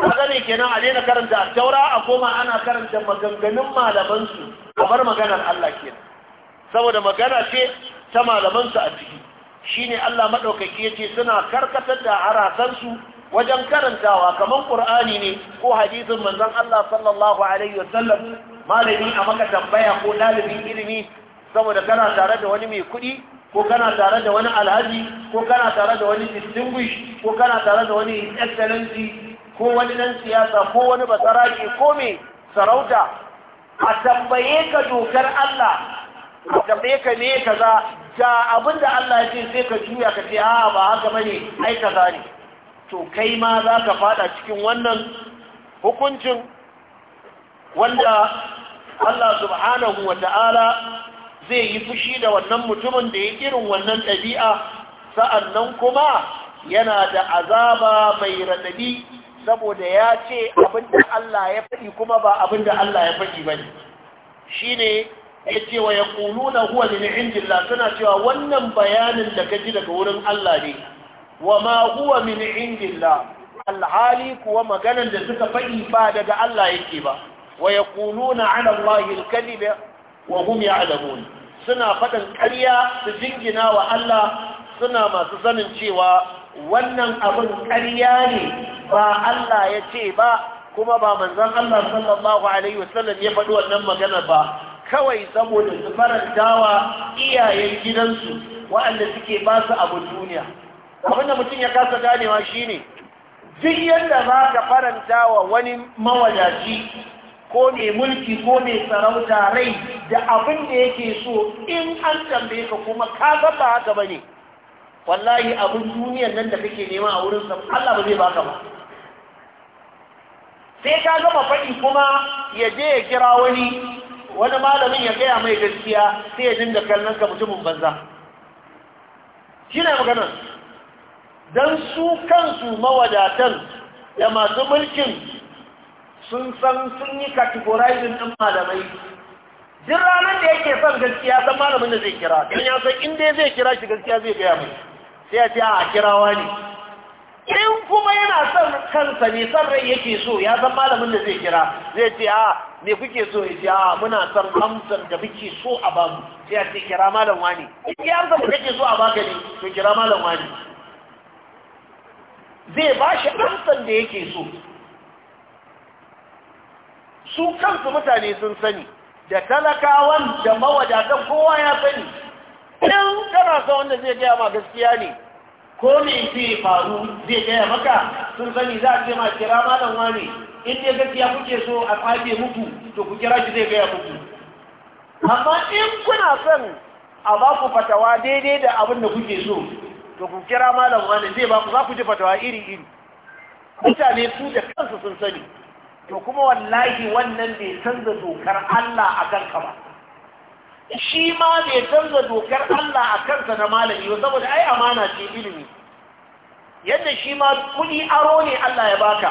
kaga ne kenan a daina karanta a taura a koma ana karanta maganganun malaman su bar maganar Allah kenan saboda magana ce ta malamansu a ciki shine Allah ya ce suna karkatar da harasansu wajen karantawa kamar ƙur'ani ne ko hadisin manzon Allah sallallahu alaihi wasallam malami a maka tambaya ko ɗalibin ilimi saboda kana tare da wani mai kuɗi ko kana tare da wani alhaji ko kana tare da wani distinguish ko kana tare da wani excellency ko wani siyasa ko wani basaraki ko mai sarauta a tambaye ka dokar Allah a tambaye ka ne kaza ga abin da Allah ya ce sai ka juya ka ce a ba haka bane ai kaza ne to kai ma za ka fada cikin wannan hukuncin wanda Allah subhanahu wa ta'ala zai yi fushi da wannan mutumin da ya irin wannan ɗabi'a sa'annan kuma yana da azaba mai raɗaɗi saboda ya ce abinda Allah ya faɗi kuma ba abinda Allah ya faɗi ba ne shi ne ya ce wa ya ƙunu na huwa ne na suna cewa wannan bayanin da ka ji daga wurin Allah ne wa ma huwa min indillah alhali kuwa maganan da suka faɗi ba daga Allah yake ba wa yaquluna ala allahi alkadiba wa hum ya'lamun suna faɗan ƙarya su jingina wa Allah suna masu sanin cewa wannan abin ƙarya ne ba Allah ya ce ba kuma ba manzon Allah sallallahu alaihi wasallam ya faɗi wannan magana ba kawai saboda su wa iyayen gidansu waɗanda suke ba su abin duniya abinda mutum ya kasa ganewa shine duk yadda za ka faranta wa wani mawadaci ko ne mulki ko ne sarauta rai da abin da yake so in an tambaye ka kuma ka ba haka ba ne. wallahi abin duniyar nan da kake nema a wurin Allah ba zai baka ba sai ka gama faɗi kuma ya je ya kira wani wani malamin ya gaya mai gaskiya sai ya dinga kallon ka mutumin banza shi ne maganar don su kansu mawadatan da masu mulkin sun san sun yi categorizing ɗin malamai jin ranar da yake son gaskiya san malamin da zai kira don ya san inda zai kira shi gaskiya zai gaya mai sai ya ce a kirawa ne in kuma yana son kansa ne son rai yake so ya san malamin da zai kira zai ce a me kuke so ya ce a muna son amsar da muke so a bamu sai ya ce kira malam wani in ya amsar da kake so a baka ne to kira malam wani zai ba shi ɗansan da yake so su kansu mutane sun sani da talakawan da mawadatan kowa ya sani in kana sa wanda zai gaya ma gaskiya ne ko ne zai faru zai gaya maka sun sani za a ce ma kira malam wani in ya gaskiya kuke so a tsage muku to ku kira shi zai gaya muku amma in kuna son a ba ku fatawa daidai da abin da kuke so to ku kira malam wani zai ba ku za ku ji fatawa iri iri mutane su da kansu sun sani to kuma wallahi wannan bai canza dokar Allah a kan ba shi ma bai canza dokar Allah a kansa na malami ba saboda ai amana ce ilimi yadda shi ma kuɗi aro ne Allah ya baka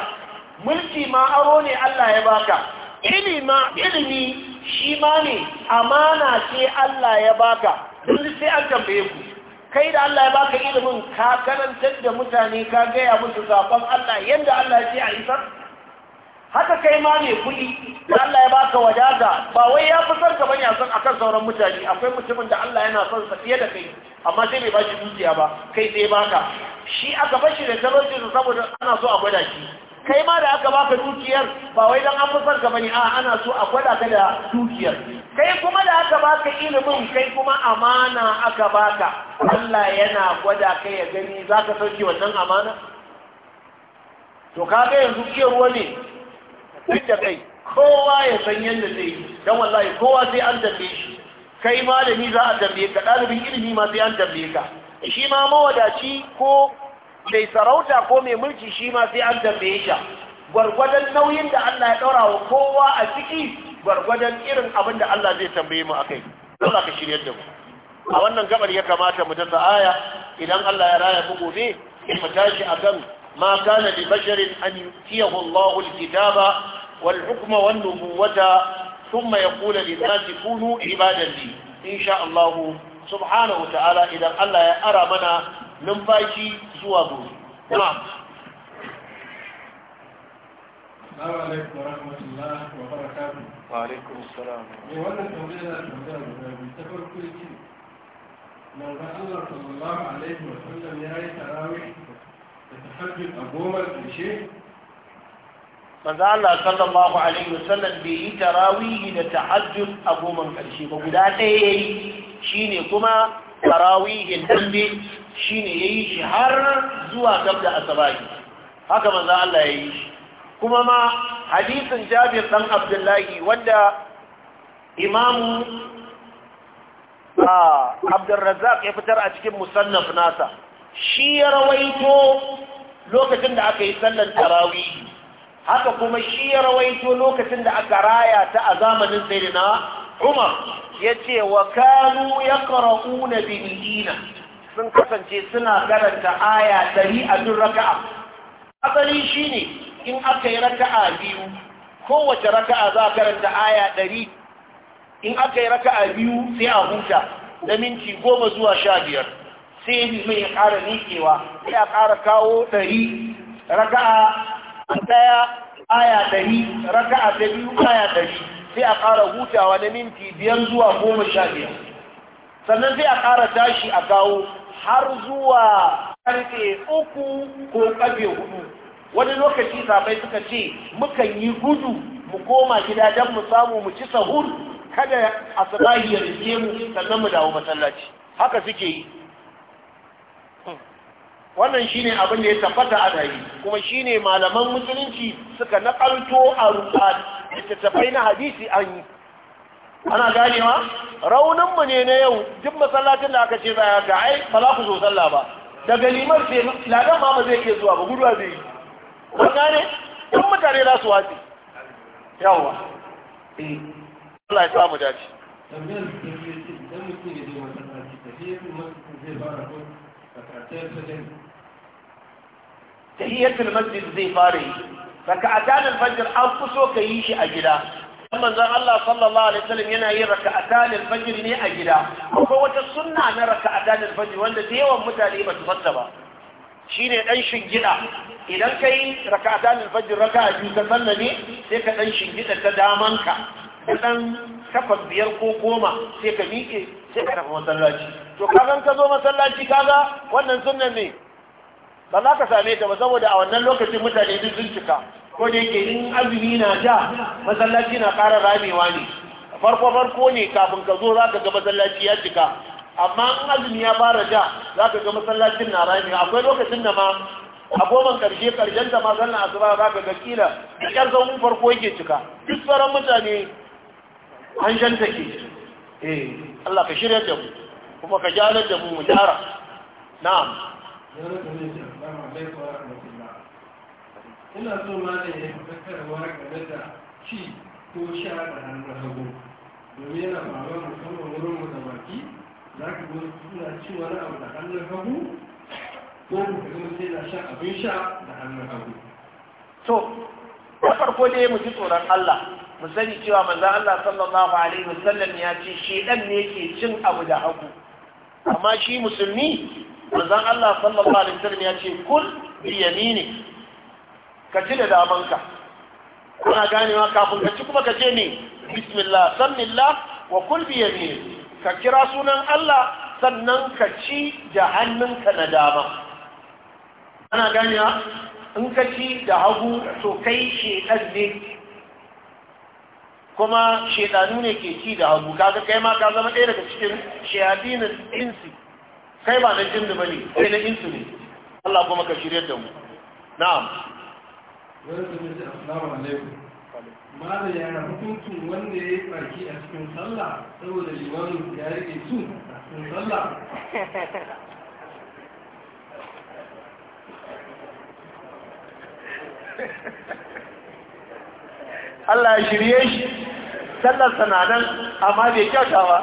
mulki ma aro ne Allah ya baka ilima ilimi shi ma ne amana ce Allah ya baka duk sai an tambaye ku kai da Allah ya baka ilimin ka karantar da mutane ka gaya musu zaɓen Allah yadda Allah ya ce a isar haka kai ma mai kuɗi da Allah ya baka wadata ba wai ya fi son ka bane a son akan sauran mutane akwai mutumin da Allah yana son sa fiye da kai amma sai bai bashi dukiya ba kai sai baka shi aka bashi da talauci saboda ana so a gwada shi kai ma da aka baka dukiyar ba wai dan an musar ka bane a ana so a kwada ka da dukiyar kai kuma da aka baka ilimin kai kuma amana aka baka Allah yana gwada kai ya gani zaka sauke wannan amana to kaga yanzu kiyarwa ne duk kai kowa ya san yadda zai yi don wallahi kowa sai an tambaye shi kai malami za a tambaye ka Dalibin ilimi ma sai an tambaye ka shi ma mawadaci ko mai sarauta ko mai mulki shi ma sai an tambaye shi gwargwadon nauyin da Allah ya daura wa kowa a ciki gwargwadon irin abin da Allah zai tambaye mu akai Allah ka shiryar da mu a wannan gabar ya kamata mu dasa aya idan Allah ya raya mu gobe mu tashi akan ma kana li basharin an yutiyahu Allahu al-kitaba wal hukma wan nubuwata thumma yaqulu lin nasi kunu ibadan li insha Allah subhanahu wa ta'ala idan Allah ya ara mana numfashi zuwa gobe na'am Assalamu alaikum warahmatullahi wabarakatuh. Wa alaikum assalam. Me wannan tambaya da tambaya guda biyu ta farko yake manzon Allah sallallahu alaihi wa sallam ya yi tarawih da tahajjud a goma ƙarshe manzon Allah sallallahu alaihi wa sallam bai yi tarawih da tahajjud a goma ƙarshe ba guda ɗaya yayi shine kuma tarawihin dambe shine yayi shi har zuwa gab da asabaki haka manzo Allah yayi shi kuma ma hadisin Jabir ɗan Abdullahi wanda imamu a ah, ya fitar a cikin musannaf nasa shi ya rawaito lokacin da aka yi sallar tarawih haka kuma shi ya rawaito lokacin da aka raya ta a zamanin sayyidina Umar yace wa kanu yaqra'una bi dina sun kasance suna karanta aya ɗari a duk raka'a asali shine in aka yi raka'a biyu kowace raka'a za a karanta aya ɗari in aka yi raka'a biyu sai a huta da minti goma zuwa sha biyar sai mai ƙara nikewa sai a ƙara kawo ɗari raka'a ɗaya aya ɗari raka'a ta biyu aya ɗari sai a ƙara hutawa da minti biyar zuwa goma sha biyar sannan sai a ƙara tashi a kawo har zuwa karfe uku ko karfe hudu wani lokaci sabai suka ce mukan yi gudu mu koma gida don mu samu mu ci sahur kada asbahi ya rike mu sannan mu dawo masallaci haka suke yi wannan shine abin da ya tabbata a dari kuma shine malaman musulunci suka naƙarto a da littattafai na hadisi an yi ana ganewa rauninmu ne na yau duk masallacin da aka ce za a ai ba za ku zo sallah ba daga limar ce ladan ma ba zai ke zuwa ba guduwa zai yi kun gane in mutane za su wace yawa eh. Allah ya samu dace tahiyatul masjid zai fara yi a al-fajr an fi so ka yi shi a gida manzon Allah sallallahu alaihi wasallam yana yin raka'atan al-fajr ne a gida akwai wata sunna na raka'ata al-fajr wanda da yawan mutane ba su fassa ba shine dan shingida idan kai raka'atan al-fajr raka'a biyu ta ne, sai ka dan shingida ta damanka ka dan kafa biyar ko goma sai ka miƙe sai ka tafi masallaci to kagan ka zo masallaci kaga wannan sunnan ne ba za ka same ta ba saboda a wannan lokacin mutane duk sun cika ko da yake in azumi na ja masallaci na ƙara ramewa ne farko farko ne kafin ka zo za ka ga masallaci ya cika amma in azumi ya fara ja za ka ga masallacin na ramewa akwai lokacin da ma a goma karshe karshen da ma sallan asuba za ka ga kila da ƙyar zaun farko yake cika duk tsoron mutane an shanta ke eh Allah ka shirya da mu kuma ka jalar da mu mu gyara na'am ina so ma da ya fakarwa game da ci ko sha da hannun hagu domin yana faruwa musamman wurin mu da baki za ka gudu suna ci wani abu da hannun hagu ko ku ga na yana sha abin sha da hannun hagu to na farko dai mu ji tsoron Allah mu sani cewa manzan Allah sallallahu alaihi wasallam ya ce shedan ne ke cin abu da hagu amma shi musulmi manzon Allah sallallahu alaihi wasallam ya ce kul bi yaminik ka ci da damanka kuna ganewa kafin ka ci kuma ka ce ne bismillah sannillah wa ya biyamin ka kira sunan Allah sannan ka ci da hannunka na dama ana ganewa in ka ci da hagu to kai shedan ne kuma shedanu ne ke ci da hagu kaga kai ma ka zama ɗaya daga cikin shayadinin insi kai ba na ba bane kai na insu ne Allah kuma ka shirya da mu na'am wani su ne assalamu alaikum mala ya hukuncin wanda ya yi tsaki a cikin sallah saboda limanin ya rike su a cikin sallah Allah ya shirye shi sallarsa na nan amma bai kyauta ba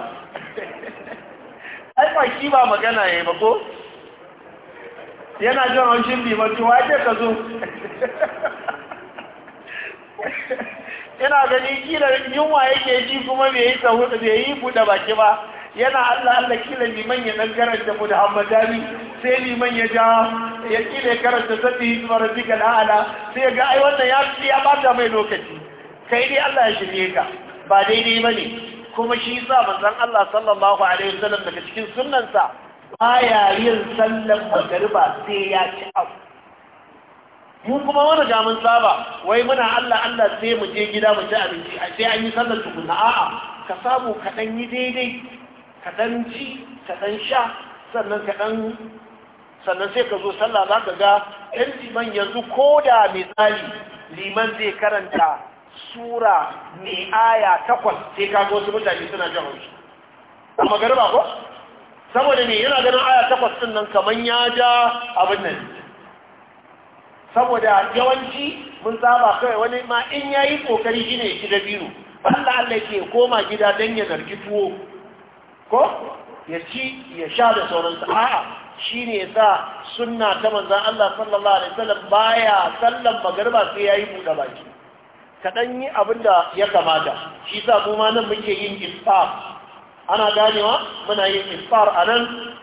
ai baki ba magana ya yi ba ko yana jin haushin limanci wa wace ka zo ina gani kila yunwa yake ji kuma bai yi sahu da bai yi buɗe baki ba yana Allah Allah kila liman ya dan karanta muhammadani sai liman ya ja ya kila karanta sabbi isma rabbika a'la sai ga ai wannan ya ya bata mai lokaci kai dai Allah ya shirye ka ba daidai bane kuma shi sa manzon Allah sallallahu alaihi wasallam daga cikin sunnansa baya yin sallan magriba sai ya ci abu mu kuma wani jamun saba wai muna Allah Allah sai mu je gida mu ci abinci sai an yi sallar tukunna a'a ka samu ka dan yi daidai ka dan ci ka dan sha sannan ka dan sannan sai ka zo sallah za ka ga ɗan liman yanzu ko da misali liman zai karanta sura mai aya takwas sai ka wasu mutane suna jan haushi amma gariba ko saboda ne yana ganin aya takwas din nan kamar ya ja abin nan saboda yawanci mun saba kawai wani ma in ya yi ƙoƙari shi ne shi da biyu Allah Allah ke koma gida dan ya zargi tuwo ko ya ci ya sha da sauransu a'a shi ne sa sunna ta manzan Allah sallallahu alaihi wasallam baya sallan magarba sai ya yi buɗe baki kaɗan yi abin da ya kamata shi sa mu ma nan muke yin ifa ana ganewa muna yin iftar a nan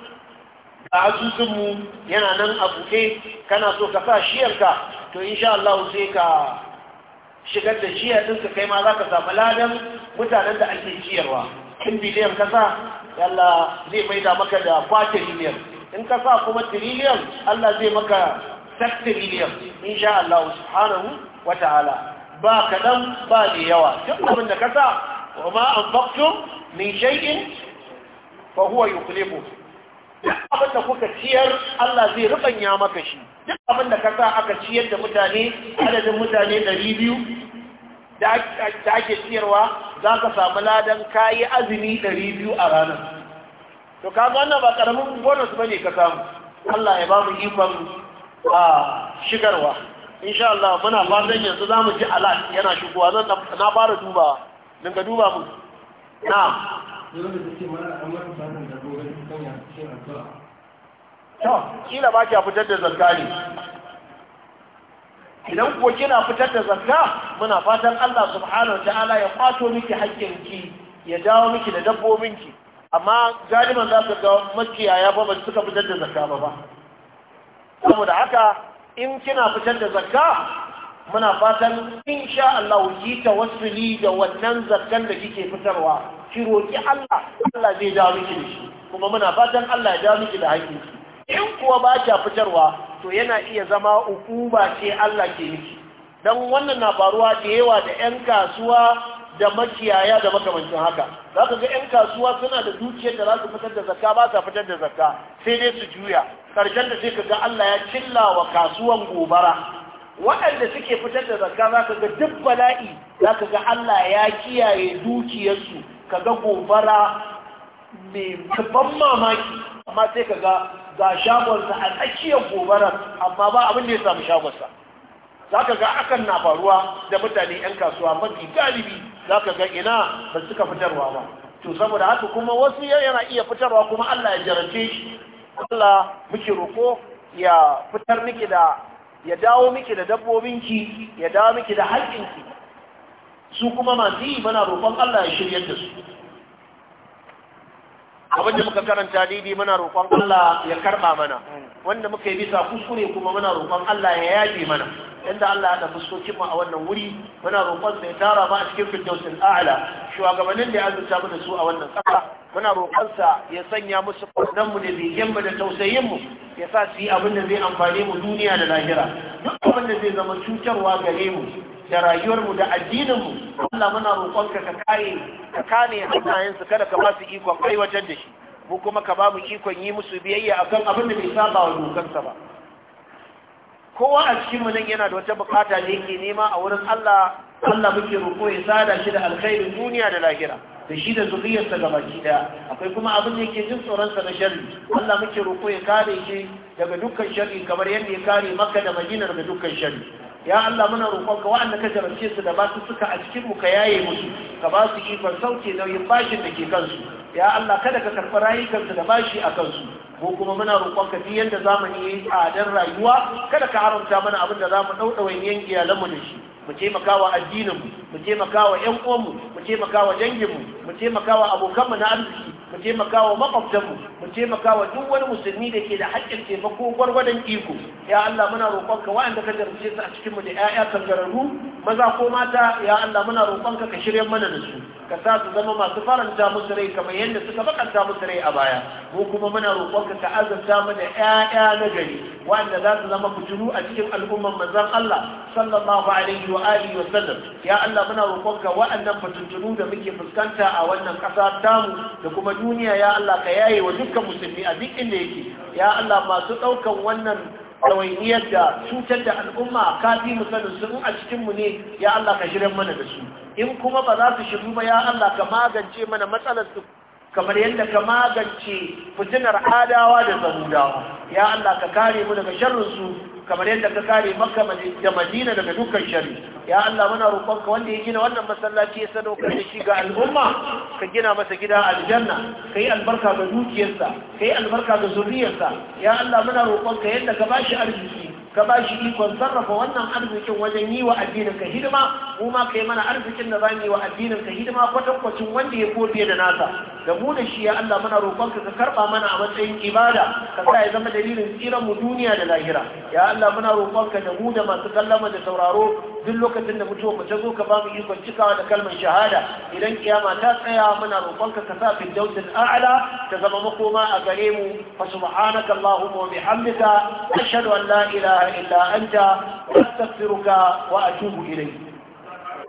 a asusunmu yana nan a buke kana so ka sa shiyarka to insha Allah sai ka shigar da shiya ɗin ka kai ma za ka samu ladan mutanen da ake ciyarwa in biliyan ka sa zai maida maka da kwatiriliyan in ka sa kuma tiriliyan Allah zai maka saktiriliyan insha Allah subhanahu wa ta'ala ba kaɗan ba da yawa duk abin da ka sa wa ma an min shay'in fa huwa yuqlibuhu duk abin da kuka ciyar Allah zai rubanya maka shi duk abin da ka aka ciyar da mutane adadin mutane 200 da ake ciyarwa za ka samu ladan kayi azumi 200 a ranar to kaga wannan ba karamin bonus bane ka samu Allah ya ba mu ikon a shigarwa insha Allah muna fatan yanzu za mu ji alat yana shigowa zan na fara dubawa duba mu na'am to kila ba kya fitar da zakka ne idan kuwa kina fitar da zakka muna fatan Allah subhanahu wa ta'ala ya kwato miki haƙƙinki ya dawo miki da dabbobinki amma galiban za su ga makiyaya ba ba suka fitar da zakka ba ba saboda haka in kina fitar da zakka muna fatan insha Allah yi wasu da wannan zakkan da kike fitarwa ki roki Allah Allah zai dawo miki da shi kuma muna fatan Allah ya ja miki da haƙƙi in kuwa ba kya fitarwa to yana iya zama ukuba ce Allah ke miki dan wannan na faruwa da yawa da ƴan kasuwa da makiyaya da makamancin haka za ka ga 'yan kasuwa suna da dukiyar da za su fitar da zakka ba sa fitar da zakka sai dai su juya karshen da sai ka ga Allah ya cilla wa kasuwan gobara waɗanda suke fitar da zakka za ka ga duk bala'i za ka ga Allah ya kiyaye dukiyarsu ka ga gobara mai ban mamaki amma sai ka ga ga shagonsa a tsakiyar gobarar amma ba abin da ya samu shagonsa za ka ga akan na faruwa da mutane 'yan kasuwa mafi galibi za ka ga ina ba suka fitarwa ba to saboda haka kuma wasu yana iya fitarwa kuma Allah ya jarance shi Allah muke roko ya fitar miki da ya dawo miki da dabbobinki ya dawo miki da haƙƙinki su kuma masu yi mana roƙon Allah ya shiryar da su abin da muka karanta daidai muna roƙon Allah ya karɓa mana wanda muka yi bisa kuskure kuma muna roƙon Allah ya yaje mana inda Allah ya da fuskokin mu a wannan wuri muna roƙon sa ya tara mu a cikin firdausul a'la shugabannin da ya azurta mu da su a wannan ƙasa muna roƙon sa ya sanya musu ƙarnan mu da begen mu da tausayin mu ya sa su yi abin da zai amfane mu duniya da lahira duk abin da zai zama cutarwa gare mu da rayuwarmu da addininmu Allah muna roƙonka ka kare ka hannayen su kada ka ba su ikon wajen da shi mu kuma ka ba mu ikon yi musu biyayya akan abin da bai saba wa dokarsa ba kowa a cikin mu nan yana da wata bukata da yake nema a wurin Allah Allah muke roƙo ya sada shi da alkhairin duniya da lahira da shi da zuriyarsa ga baki daya akwai kuma abin da yake jin tsoron sa na sharri Allah muke roƙo ya kare shi daga dukkan sharri kamar yadda ya kare Makka da Madina daga dukkan sharri ya Allah muna roƙonka waɗanda ka jarabce su da basu suka a cikin mu ka yaye musu ka ba su ikon sauke nauyin bashin da ke kansu ya Allah kada ka karɓi rayukansu da bashi a kansu ko kuma muna ka duk yanda zamani ya yayi tsadar rayuwa kada ka haramta mana abin da zamu ɗauɗawan a lamu da shi mu taimaka wa addininmu mu taimaka wa ƴan uwanmu mu taimaka wa mu mu taimaka wa abokanmu na arziki mu taimaka wa maƙwabtanmu taimaka wa duk wani musulmi da ke da haƙƙin taimako gwargwadon iko ya Allah muna roƙonka wa'anda ka jarumce su a cikin mu da ƴaƴa kangararru maza ko mata ya Allah muna roƙonka ka shirye mana da su ka sa su zama masu faranta musu rai kamar yadda suka bakanta musu rai a baya mu kuma muna roƙonka ka azurta mu da ƴaƴa na gari wanda za su zama fitulu a cikin al'umman manzon Allah sallallahu alaihi wa alihi wa sallam ya Allah muna roƙonka waɗannan fitintunu da muke fuskanta a wannan ƙasa tamu da kuma duniya ya Allah ka yaye wa dukkan musulmi a duk inda yake ya Allah masu ɗaukan wannan ɗawainiyar da cutar da al'umma ka fi mu sanin su a cikinmu ne ya Allah ka shirin mana da su in kuma ba za su shiru ba ya Allah ka magance mana matsalar su kamar yadda ka magance fitinar adawa da zamudawa ya Allah ka kare mu daga sharrinsu kamar yadda ka kare maka da madina daga dukkan sharri ya Allah muna roƙonka wanda ya gina wannan masallaci ya sadaukar ka shi ga al'umma ka gina masa gida aljanna ka yi albarka ga dukiyarsa ka yi albarka ga zuriyarsa ya Allah muna roƙonka yadda ka bashi arziki ka ba shi ikon sarrafa wannan arzikin wajen yi wa addinin ka hidima kuma ka kai mana arzikin da zamu yi wa addinin ka hidima kwatankwacin wanda ya kofe da nasa da mu da shi ya Allah muna roƙonka ka karba mana a matsayin ibada ka sa ya zama dalilin tsiran mu duniya da lahira ya Allah muna roƙonka da mu da masu kallama da sauraro duk lokacin da mutuwa mu ta zo ka ba mu ikon cikawa da kalmar shahada idan kiyama ta tsaya muna roƙonka ka sa fi daudin a'la ta zama makoma a gare mu fa subhanaka allahumma wa bihamdika ashhadu an la ilaha إله إلا أنت أستغفرك وأتوب إليك